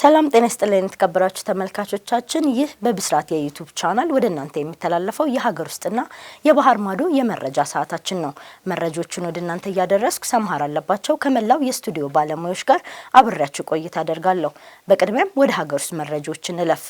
ሰላም ጤና ስጥልን የተከበራችሁ ተመልካቾቻችን፣ ይህ በብስራት የዩቲዩብ ቻናል ወደ እናንተ የሚተላለፈው የሀገር ውስጥና የባህር ማዶ የመረጃ ሰዓታችን ነው። መረጆቹን ወደ እናንተ እያደረስኩ ሰምሀር አለባቸው ከመላው የስቱዲዮ ባለሙያዎች ጋር አብሬያችሁ ቆይታ አደርጋለሁ። በቅድሚያም ወደ ሀገር ውስጥ መረጆችን እለፍ።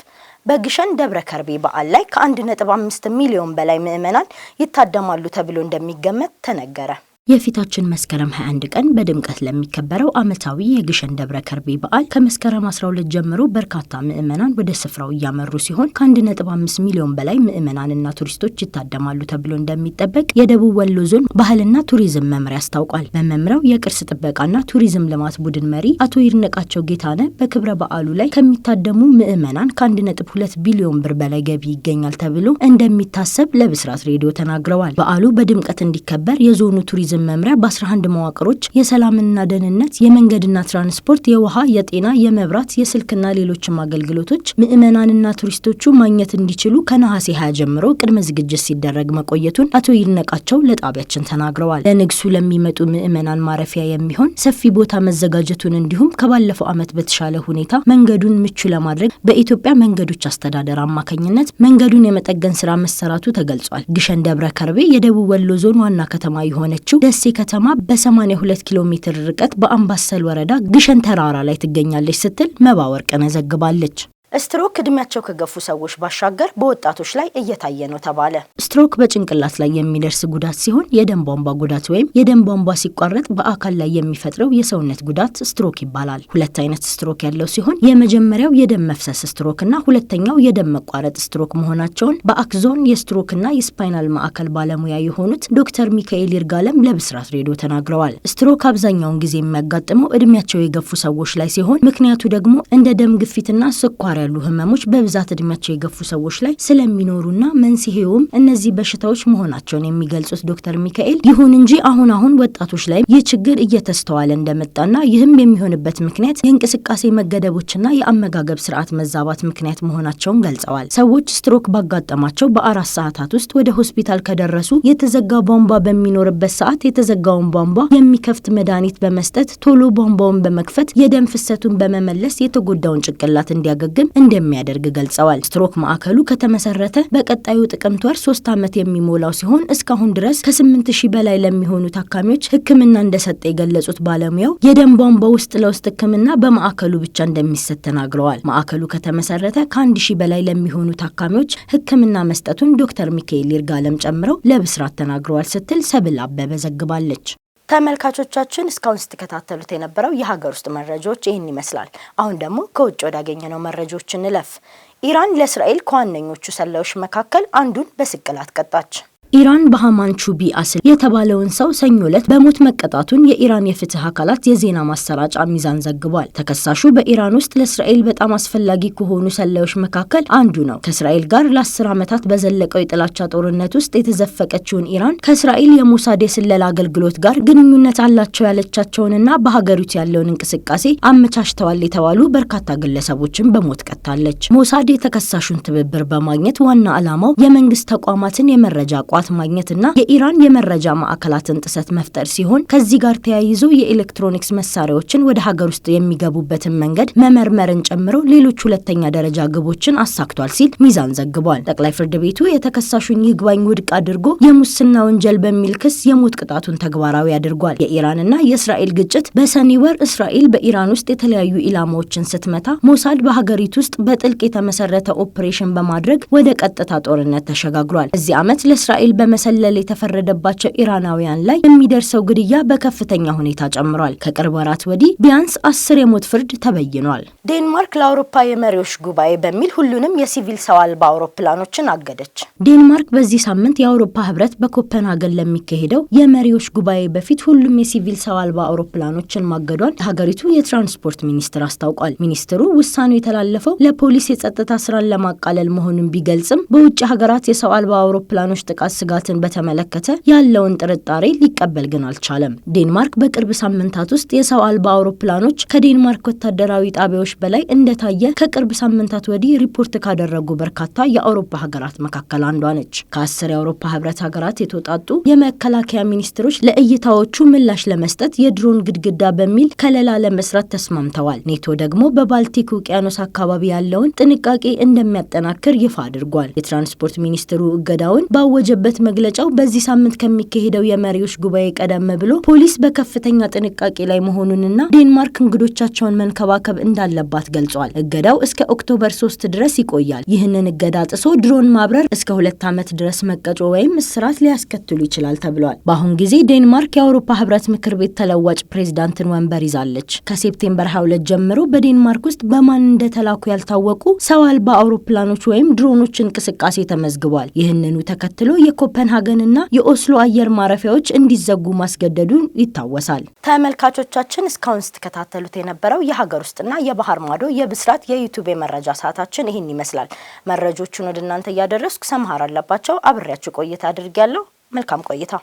በግሸን ደብረ ከርቤ በዓል ላይ ከ1.5 ሚሊዮን በላይ ምዕመናን ይታደማሉ ተብሎ እንደሚገመት ተነገረ። የፊታችን መስከረም 21 ቀን በድምቀት ለሚከበረው ዓመታዊ የግሸን ደብረ ከርቤ በዓል ከመስከረም 12 ጀምሮ በርካታ ምዕመናን ወደ ስፍራው እያመሩ ሲሆን ከ1.5 ሚሊዮን በላይ ምዕመናንና ቱሪስቶች ይታደማሉ ተብሎ እንደሚጠበቅ የደቡብ ወሎ ዞን ባህልና ቱሪዝም መምሪያ አስታውቋል። በመምሪያው የቅርስ ጥበቃና ቱሪዝም ልማት ቡድን መሪ አቶ ይርነቃቸው ጌታነ በክብረ በዓሉ ላይ ከሚታደሙ ምዕመናን ከ1.2 ቢሊዮን ብር በላይ ገቢ ይገኛል ተብሎ እንደሚታሰብ ለብስራት ሬዲዮ ተናግረዋል። በዓሉ በድምቀት እንዲከበር የዞኑ ቱሪዝም ቱሪዝም መምሪያ በ11 መዋቅሮች የሰላምና ደህንነት፣ የመንገድና ትራንስፖርት፣ የውሃ፣ የጤና፣ የመብራት፣ የስልክና ሌሎችም አገልግሎቶች ምዕመናንና ቱሪስቶቹ ማግኘት እንዲችሉ ከነሐሴ 20 ጀምሮ ቅድመ ዝግጅት ሲደረግ መቆየቱን አቶ ይድነቃቸው ለጣቢያችን ተናግረዋል። ለንግሱ ለሚመጡ ምዕመናን ማረፊያ የሚሆን ሰፊ ቦታ መዘጋጀቱን እንዲሁም ከባለፈው ዓመት በተሻለ ሁኔታ መንገዱን ምቹ ለማድረግ በኢትዮጵያ መንገዶች አስተዳደር አማካኝነት መንገዱን የመጠገን ስራ መሰራቱ ተገልጿል። ግሸን ደብረ ከርቤ የደቡብ ወሎ ዞን ዋና ከተማ የሆነችው ደሴ ከተማ በ82 ኪሎ ሜትር ርቀት በአምባሰል ወረዳ ግሸን ተራራ ላይ ትገኛለች ስትል መባወር ወርቅነህ ዘግባለች። ስትሮክ እድሜያቸው ከገፉ ሰዎች ባሻገር በወጣቶች ላይ እየታየ ነው ተባለ። ስትሮክ በጭንቅላት ላይ የሚደርስ ጉዳት ሲሆን የደም ቧንቧ ጉዳት ወይም የደም ቧንቧ ሲቋረጥ በአካል ላይ የሚፈጥረው የሰውነት ጉዳት ስትሮክ ይባላል። ሁለት አይነት ስትሮክ ያለው ሲሆን የመጀመሪያው የደም መፍሰስ ስትሮክ እና ሁለተኛው የደም መቋረጥ ስትሮክ መሆናቸውን በአክዞን የስትሮክ እና የስፓይናል ማዕከል ባለሙያ የሆኑት ዶክተር ሚካኤል ይርጋለም ለብስራት ሬዲዮ ተናግረዋል። ስትሮክ አብዛኛውን ጊዜ የሚያጋጥመው እድሜያቸው የገፉ ሰዎች ላይ ሲሆን ምክንያቱ ደግሞ እንደ ደም ግፊትና ስኳር ያሉ ህመሞች በብዛት እድሜያቸው የገፉ ሰዎች ላይ ስለሚኖሩና መንስሄውም እነዚህ በሽታዎች መሆናቸውን የሚገልጹት ዶክተር ሚካኤል ይሁን እንጂ አሁን አሁን ወጣቶች ላይ ይህ ችግር እየተስተዋለ እንደመጣና ይህም የሚሆንበት ምክንያት የእንቅስቃሴ መገደቦችና የአመጋገብ ስርዓት መዛባት ምክንያት መሆናቸውን ገልጸዋል። ሰዎች ስትሮክ ባጋጠማቸው በአራት ሰዓታት ውስጥ ወደ ሆስፒታል ከደረሱ የተዘጋ ቧንቧ በሚኖርበት ሰዓት የተዘጋውን ቧንቧ የሚከፍት መድኃኒት በመስጠት ቶሎ ቧንቧውን በመክፈት የደም ፍሰቱን በመመለስ የተጎዳውን ጭንቅላት እንዲያገግም እንዲሆን እንደሚያደርግ ገልጸዋል። ስትሮክ ማዕከሉ ከተመሰረተ በቀጣዩ ጥቅምት ወር ሶስት ዓመት የሚሞላው ሲሆን እስካሁን ድረስ ከስምንት ሺህ በላይ ለሚሆኑ ታካሚዎች ሕክምና እንደሰጠ የገለጹት ባለሙያው የደም ቧንቧ ውስጥ ለውስጥ ሕክምና በማዕከሉ ብቻ እንደሚሰጥ ተናግረዋል። ማዕከሉ ከተመሰረተ ከአንድ ሺህ በላይ ለሚሆኑ ታካሚዎች ሕክምና መስጠቱን ዶክተር ሚካኤል ይርጋለም ጨምረው ለብስራት ተናግረዋል ስትል ሰብል አበበ ዘግባለች። ተመልካቾቻችን እስካሁን ስትከታተሉት የነበረው የሀገር ውስጥ መረጃዎች ይህን ይመስላል። አሁን ደግሞ ከውጭ ወዳገኘነው መረጃዎች እንለፍ። ኢራን ለእስራኤል ከዋነኞቹ ሰላዮች መካከል አንዱን በስቅላት ቀጣች። ኢራን በሃማን ቹቢ አስል የተባለውን ሰው ሰኞ ዕለት በሞት መቀጣቱን የኢራን የፍትህ አካላት የዜና ማሰራጫ ሚዛን ዘግቧል። ተከሳሹ በኢራን ውስጥ ለእስራኤል በጣም አስፈላጊ ከሆኑ ሰላዮች መካከል አንዱ ነው። ከእስራኤል ጋር ለአስር ዓመታት በዘለቀው የጥላቻ ጦርነት ውስጥ የተዘፈቀችውን ኢራን ከእስራኤል የሞሳድ የስለላ አገልግሎት ጋር ግንኙነት አላቸው ያለቻቸውንና በሀገሪቱ ያለውን እንቅስቃሴ አመቻችተዋል የተባሉ በርካታ ግለሰቦችን በሞት ቀጣለች። ሞሳድ የተከሳሹን ትብብር በማግኘት ዋና ዓላማው የመንግስት ተቋማትን የመረጃ ተቋት ማግኘትና የኢራን የመረጃ ማዕከላትን ጥሰት መፍጠር ሲሆን ከዚህ ጋር ተያይዞ የኤሌክትሮኒክስ መሳሪያዎችን ወደ ሀገር ውስጥ የሚገቡበትን መንገድ መመርመርን ጨምሮ ሌሎች ሁለተኛ ደረጃ ግቦችን አሳክቷል ሲል ሚዛን ዘግቧል። ጠቅላይ ፍርድ ቤቱ የተከሳሹን ይግባኝ ውድቅ አድርጎ የሙስና ወንጀል በሚል ክስ የሞት ቅጣቱን ተግባራዊ አድርጓል። የኢራንና የእስራኤል ግጭት በሰኔ ወር እስራኤል በኢራን ውስጥ የተለያዩ ኢላማዎችን ስትመታ ሞሳድ በሀገሪቱ ውስጥ በጥልቅ የተመሰረተ ኦፕሬሽን በማድረግ ወደ ቀጥታ ጦርነት ተሸጋግሯል። እዚህ ዓመት ለእስራኤል እስራኤል በመሰለል የተፈረደባቸው ኢራናውያን ላይ የሚደርሰው ግድያ በከፍተኛ ሁኔታ ጨምሯል። ከቅርብ ወራት ወዲህ ቢያንስ አስር የሞት ፍርድ ተበይኗል። ዴንማርክ ለአውሮፓ የመሪዎች ጉባኤ በሚል ሁሉንም የሲቪል ሰው አልባ አውሮፕላኖችን አገደች። ዴንማርክ በዚህ ሳምንት የአውሮፓ ህብረት በኮፐንሃገን ለሚካሄደው የመሪዎች ጉባኤ በፊት ሁሉም የሲቪል ሰው አልባ አውሮፕላኖችን ማገዷን ሀገሪቱ የትራንስፖርት ሚኒስትር አስታውቋል። ሚኒስትሩ ውሳኔው የተላለፈው ለፖሊስ የጸጥታ ስራን ለማቃለል መሆኑን ቢገልጽም በውጭ ሀገራት የሰው አልባ አውሮፕላኖች ጥቃት ስጋትን በተመለከተ ያለውን ጥርጣሬ ሊቀበል ግን አልቻለም። ዴንማርክ በቅርብ ሳምንታት ውስጥ የሰው አልባ አውሮፕላኖች ከዴንማርክ ወታደራዊ ጣቢያዎች በላይ እንደታየ ከቅርብ ሳምንታት ወዲህ ሪፖርት ካደረጉ በርካታ የአውሮፓ ሀገራት መካከል አንዷ ነች። ከአስር የአውሮፓ ህብረት ሀገራት የተውጣጡ የመከላከያ ሚኒስትሮች ለእይታዎቹ ምላሽ ለመስጠት የድሮን ግድግዳ በሚል ከለላ ለመስራት ተስማምተዋል። ኔቶ ደግሞ በባልቲክ ውቅያኖስ አካባቢ ያለውን ጥንቃቄ እንደሚያጠናክር ይፋ አድርጓል። የትራንስፖርት ሚኒስትሩ እገዳውን ባወጀበት ያለበት መግለጫው በዚህ ሳምንት ከሚካሄደው የመሪዎች ጉባኤ ቀደም ብሎ ፖሊስ በከፍተኛ ጥንቃቄ ላይ መሆኑንና ዴንማርክ እንግዶቻቸውን መንከባከብ እንዳለባት ገልጿል። እገዳው እስከ ኦክቶበር ሶስት ድረስ ይቆያል። ይህንን እገዳ ጥሶ ድሮን ማብረር እስከ ሁለት ዓመት ድረስ መቀጮ ወይም እስራት ሊያስከትሉ ይችላል ተብሏል። በአሁን ጊዜ ዴንማርክ የአውሮፓ ህብረት ምክር ቤት ተለዋጭ ፕሬዝዳንትን ወንበር ይዛለች። ከሴፕቴምበር 22 ጀምሮ በዴንማርክ ውስጥ በማን እንደተላኩ ያልታወቁ ሰው አልባ አውሮፕላኖች ወይም ድሮኖች እንቅስቃሴ ተመዝግቧል። ይህንኑ ተከትሎ የኮፐንሃገንና የኦስሎ አየር ማረፊያዎች እንዲዘጉ ማስገደዱን ይታወሳል። ተመልካቾቻችን እስካሁን ስትከታተሉት የነበረው የሀገር ውስጥና የባህር ማዶ የብስራት የዩቱብ የመረጃ ሰዓታችን ይህን ይመስላል። መረጆቹን ወደ እናንተ እያደረስኩ ሰምሀር አለባቸው አብሬያችሁ ቆይታ ያለው መልካም ቆይታ